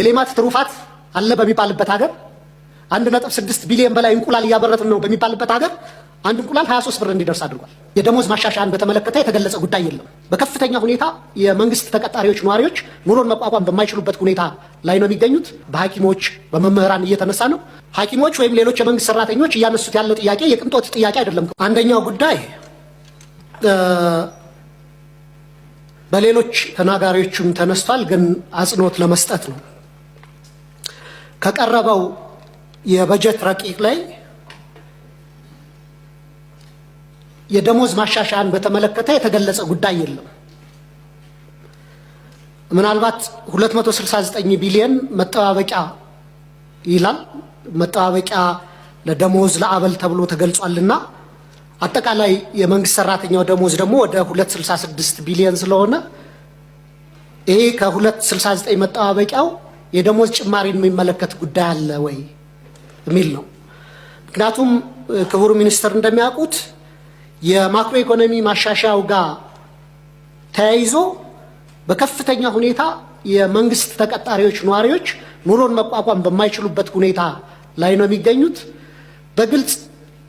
የሌማት ትሩፋት አለ በሚባልበት ሀገር አንድ ነጥብ ስድስት ቢሊዮን በላይ እንቁላል እያበረትን ነው በሚባልበት ሀገር አንድ እንቁላል 23 ብር እንዲደርስ አድርጓል። የደሞዝ ማሻሻያን በተመለከተ የተገለጸ ጉዳይ የለም። በከፍተኛ ሁኔታ የመንግስት ተቀጣሪዎች ነዋሪዎች ኑሮን መቋቋም በማይችሉበት ሁኔታ ላይ ነው የሚገኙት። በሐኪሞች በመምህራን እየተነሳ ነው። ሐኪሞች ወይም ሌሎች የመንግስት ሰራተኞች እያነሱት ያለው ጥያቄ የቅንጦት ጥያቄ አይደለም። አንደኛው ጉዳይ በሌሎች ተናጋሪዎችም ተነስቷል፣ ግን አጽንኦት ለመስጠት ነው። ከቀረበው የበጀት ረቂቅ ላይ የደሞዝ ማሻሻያን በተመለከተ የተገለጸ ጉዳይ የለም። ምናልባት 269 ቢሊዮን መጠባበቂያ ይላል። መጠባበቂያ ለደሞዝ ለአበል ተብሎ ተገልጿልና አጠቃላይ የመንግስት ሰራተኛው ደሞዝ ደግሞ ወደ 266 ቢሊዮን ስለሆነ ይሄ ከ269 መጠባበቂያው የደሞዝ ጭማሪ የሚመለከት ጉዳይ አለ ወይ የሚል ነው። ምክንያቱም ክቡር ሚኒስትር እንደሚያውቁት የማክሮ ኢኮኖሚ ማሻሻያው ጋር ተያይዞ በከፍተኛ ሁኔታ የመንግስት ተቀጣሪዎች ነዋሪዎች ኑሮን መቋቋም በማይችሉበት ሁኔታ ላይ ነው የሚገኙት። በግልጽ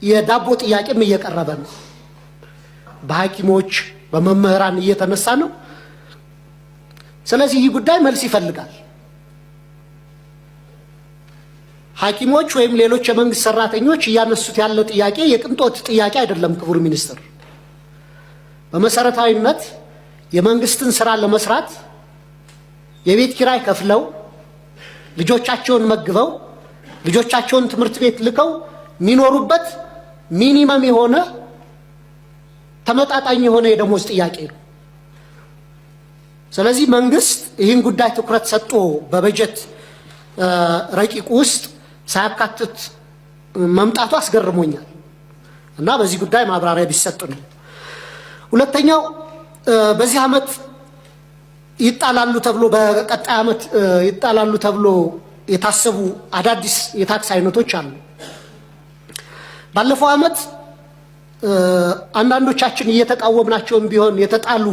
የዳቦ ጥያቄም እየቀረበ ነው። በሐኪሞች በመምህራን እየተነሳ ነው። ስለዚህ ይህ ጉዳይ መልስ ይፈልጋል። ሐኪሞች ወይም ሌሎች የመንግስት ሰራተኞች እያነሱት ያለ ጥያቄ የቅንጦት ጥያቄ አይደለም። ክቡር ሚኒስትር፣ በመሰረታዊነት የመንግስትን ስራ ለመስራት የቤት ኪራይ ከፍለው ልጆቻቸውን መግበው ልጆቻቸውን ትምህርት ቤት ልከው የሚኖሩበት ሚኒመም የሆነ ተመጣጣኝ የሆነ የደሞዝ ጥያቄ ነው። ስለዚህ መንግስት ይህን ጉዳይ ትኩረት ሰጥቶ በበጀት ረቂቁ ውስጥ ሳያካትት መምጣቱ አስገርሞኛል እና በዚህ ጉዳይ ማብራሪያ ቢሰጡ ነው። ሁለተኛው በዚህ ዓመት ይጣላሉ ተብሎ በቀጣይ ዓመት ይጣላሉ ተብሎ የታሰቡ አዳዲስ የታክስ አይነቶች አሉ። ባለፈው ዓመት አንዳንዶቻችን እየተቃወምናቸውም ቢሆን የተጣሉ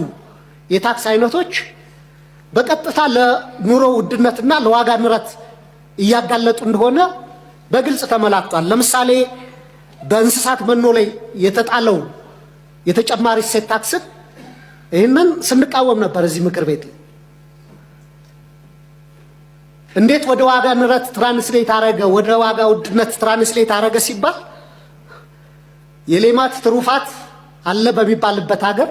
የታክስ አይነቶች በቀጥታ ለኑሮ ውድነትና ለዋጋ ንረት እያጋለጡ እንደሆነ በግልጽ ተመላክቷል። ለምሳሌ በእንስሳት መኖ ላይ የተጣለው የተጨማሪ እሴት ታክስን ይህንን ስንቃወም ነበር እዚህ ምክር ቤት እንዴት ወደ ዋጋ ንረት ትራንስሌት አረገ፣ ወደ ዋጋ ውድነት ትራንስሌት አረገ ሲባል የሌማት ትሩፋት አለ በሚባልበት ሀገር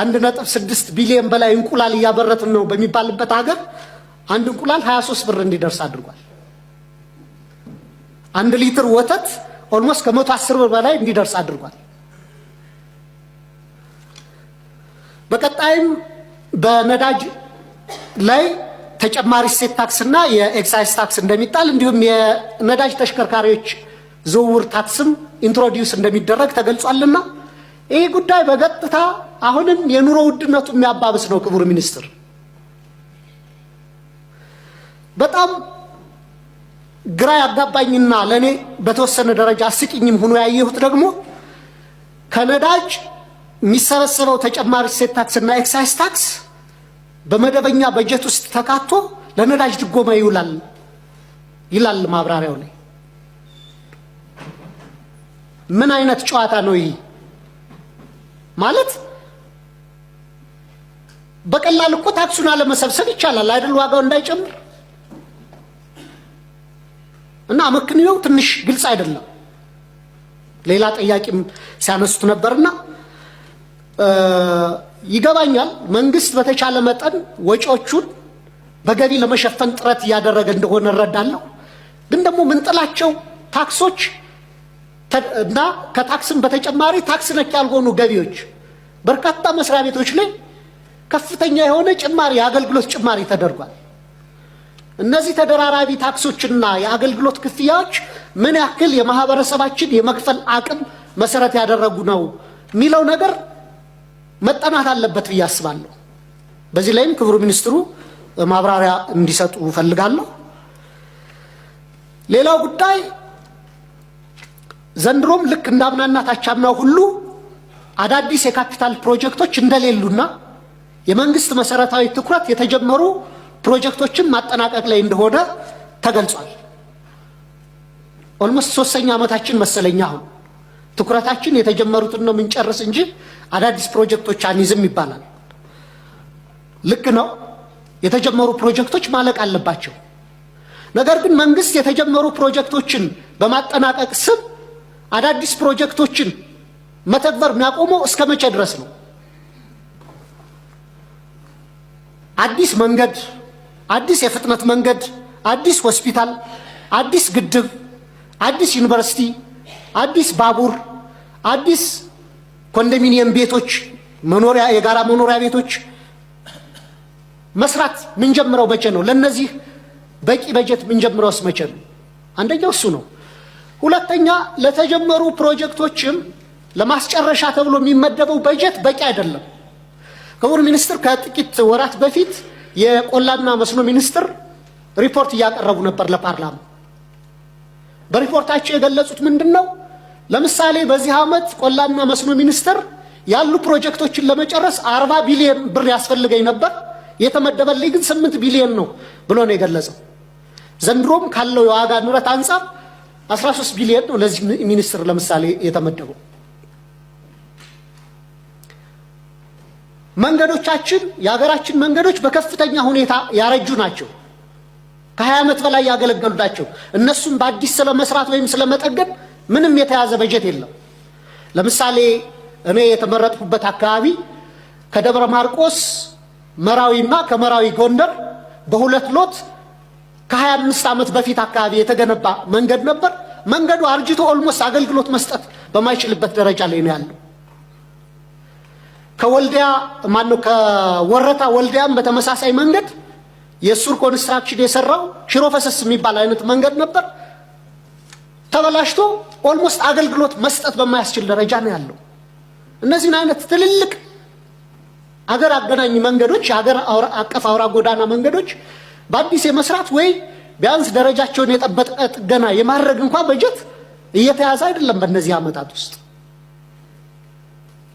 አንድ ነጥብ ስድስት ቢሊዮን በላይ እንቁላል እያበረትን ነው በሚባልበት ሀገር አንድ እንቁላል 23 ብር እንዲደርስ አድርጓል። አንድ ሊትር ወተት ኦልሞስት ከመቶ 110 ብር በላይ እንዲደርስ አድርጓል። በቀጣይም በነዳጅ ላይ ተጨማሪ እሴት እና የኤክሳይዝ ታክስ እንደሚጣል እንዲሁም የነዳጅ ተሽከርካሪዎች ዝውውር ታክስም ኢንትሮዲውስ እንደሚደረግ ተገልጿልና ይህ ጉዳይ በቀጥታ አሁንም የኑሮ ውድነቱ የሚያባብስ ነው። ክቡር ሚኒስትር በጣም ግራ ያጋባኝና ለእኔ በተወሰነ ደረጃ አስቂኝም ሆኖ ያየሁት ደግሞ ከነዳጅ የሚሰበሰበው ተጨማሪ እሴት ታክስና ኤክሳይዝ ታክስ በመደበኛ በጀት ውስጥ ተካቶ ለነዳጅ ድጎማ ይውላል ይላል ማብራሪያው ላይ። ምን አይነት ጨዋታ ነው ይህ? ማለት በቀላል እኮ ታክሱን አለመሰብሰብ ይቻላል አይደል? ዋጋው እንዳይጨምር እና አመክንዮው ትንሽ ግልጽ አይደለም። ሌላ ጥያቄም ሲያነሱት ነበርና ይገባኛል። መንግስት በተቻለ መጠን ወጪዎቹን በገቢ ለመሸፈን ጥረት እያደረገ እንደሆነ እረዳለሁ። ግን ደግሞ ምንጥላቸው ታክሶች እና ከታክስን በተጨማሪ ታክስ ነክ ያልሆኑ ገቢዎች በርካታ መስሪያ ቤቶች ላይ ከፍተኛ የሆነ ጭማሪ የአገልግሎት ጭማሪ ተደርጓል። እነዚህ ተደራራቢ ታክሶችና የአገልግሎት ክፍያዎች ምን ያክል የማህበረሰባችን የመክፈል አቅም መሰረት ያደረጉ ነው የሚለው ነገር መጠናት አለበት ብዬ አስባለሁ። በዚህ ላይም ክቡር ሚኒስትሩ ማብራሪያ እንዲሰጡ እፈልጋለሁ። ሌላው ጉዳይ ዘንድሮም ልክ እንዳምናና አምናና ታቻምናው ሁሉ አዳዲስ የካፒታል ፕሮጀክቶች እንደሌሉና የመንግስት መሰረታዊ ትኩረት የተጀመሩ ፕሮጀክቶችን ማጠናቀቅ ላይ እንደሆነ ተገልጿል። ኦልሞስት ሶስተኛ ዓመታችን መሰለኛ። አሁን ትኩረታችን የተጀመሩትን ነው የምንጨርስ እንጂ አዳዲስ ፕሮጀክቶች አንይዝም ይባላል። ልክ ነው። የተጀመሩ ፕሮጀክቶች ማለቅ አለባቸው። ነገር ግን መንግስት የተጀመሩ ፕሮጀክቶችን በማጠናቀቅ ስም አዳዲስ ፕሮጀክቶችን መተግበር የሚያቆመው እስከ መቼ ድረስ ነው? አዲስ መንገድ አዲስ የፍጥነት መንገድ፣ አዲስ ሆስፒታል፣ አዲስ ግድብ፣ አዲስ ዩኒቨርሲቲ፣ አዲስ ባቡር፣ አዲስ ኮንዶሚኒየም ቤቶች፣ መኖሪያ የጋራ መኖሪያ ቤቶች መስራት ምንጀምረው መቼ ነው? ለነዚህ በቂ በጀት ምንጀምረውስ መቼ ነው? አንደኛው እሱ ነው። ሁለተኛ ለተጀመሩ ፕሮጀክቶችም ለማስጨረሻ ተብሎ የሚመደበው በጀት በቂ አይደለም። ክቡር ሚኒስትር ከጥቂት ወራት በፊት የቆላና መስኖ ሚኒስትር ሪፖርት እያቀረቡ ነበር ለፓርላማ። በሪፖርታቸው የገለጹት ምንድን ነው? ለምሳሌ በዚህ ዓመት ቆላድና መስኖ ሚኒስትር ያሉ ፕሮጀክቶችን ለመጨረስ አርባ ቢሊየን ብር ያስፈልገኝ ነበር የተመደበልኝ ግን ስምንት ቢሊዮን ነው ብሎ ነው የገለጸው። ዘንድሮም ካለው የዋጋ ንረት አንጻር 13 ቢሊየን ነው ለዚህ ሚኒስትር ለምሳሌ የተመደበው። መንገዶቻችን የሀገራችን መንገዶች በከፍተኛ ሁኔታ ያረጁ ናቸው። ከሀያ ዓመት በላይ ያገለገሉ ናቸው። እነሱም በአዲስ ስለመስራት ወይም ስለ ምንም የተያዘ በጀት የለም። ለምሳሌ እኔ የተመረጥኩበት አካባቢ ከደብረ ማርቆስ መራዊና ከመራዊ ጎንደር በሁለት ሎት ከሀያ አምስት ዓመት በፊት አካባቢ የተገነባ መንገድ ነበር። መንገዱ አርጅቶ ኦልሞስት አገልግሎት መስጠት በማይችልበት ደረጃ ላይ ነው ያለው። ከወልዲያ ማነው ከወረታ ወልዲያም በተመሳሳይ መንገድ የሱር ኮንስትራክሽን የሰራው ሽሮ ፈሰስ የሚባል አይነት መንገድ ነበር። ተበላሽቶ ኦልሞስት አገልግሎት መስጠት በማያስችል ደረጃ ነው ያለው። እነዚህን አይነት ትልልቅ አገር አገናኝ መንገዶች፣ የሀገር አቀፍ አውራ ጎዳና መንገዶች በአዲስ የመስራት ወይ ቢያንስ ደረጃቸውን የጠበቀ ጥገና የማድረግ እንኳን በጀት እየተያዘ አይደለም በእነዚህ ዓመታት ውስጥ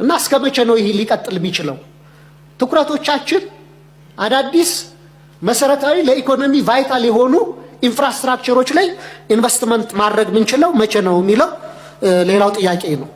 እና እስከ መቼ ነው ይህ ሊቀጥል የሚችለው? ትኩረቶቻችን አዳዲስ መሰረታዊ ለኢኮኖሚ ቫይታል የሆኑ ኢንፍራስትራክቸሮች ላይ ኢንቨስትመንት ማድረግ ምንችለው መቼ ነው የሚለው ሌላው ጥያቄ ነው።